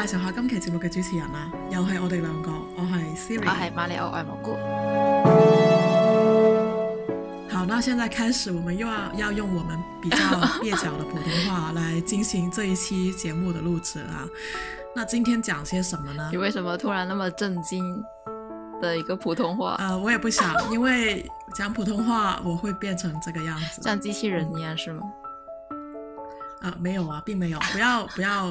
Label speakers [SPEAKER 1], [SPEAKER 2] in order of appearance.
[SPEAKER 1] 介紹下今期節目嘅主持人啊，又係我哋兩個，我係 Siri，我係馬里奧愛蘑菇。好，那現在開始，我們又要要用我們比較蹩腳的普通話來進行這一期節目的錄製啦。那今天講些什麼呢？你為什麼突然那麼震驚的一個普通話？啊、呃，我也不想，因為講普通話我會變成這個樣子，像機
[SPEAKER 2] 器人一樣，是嗎？啊、呃，沒有啊，並沒有，不要不要。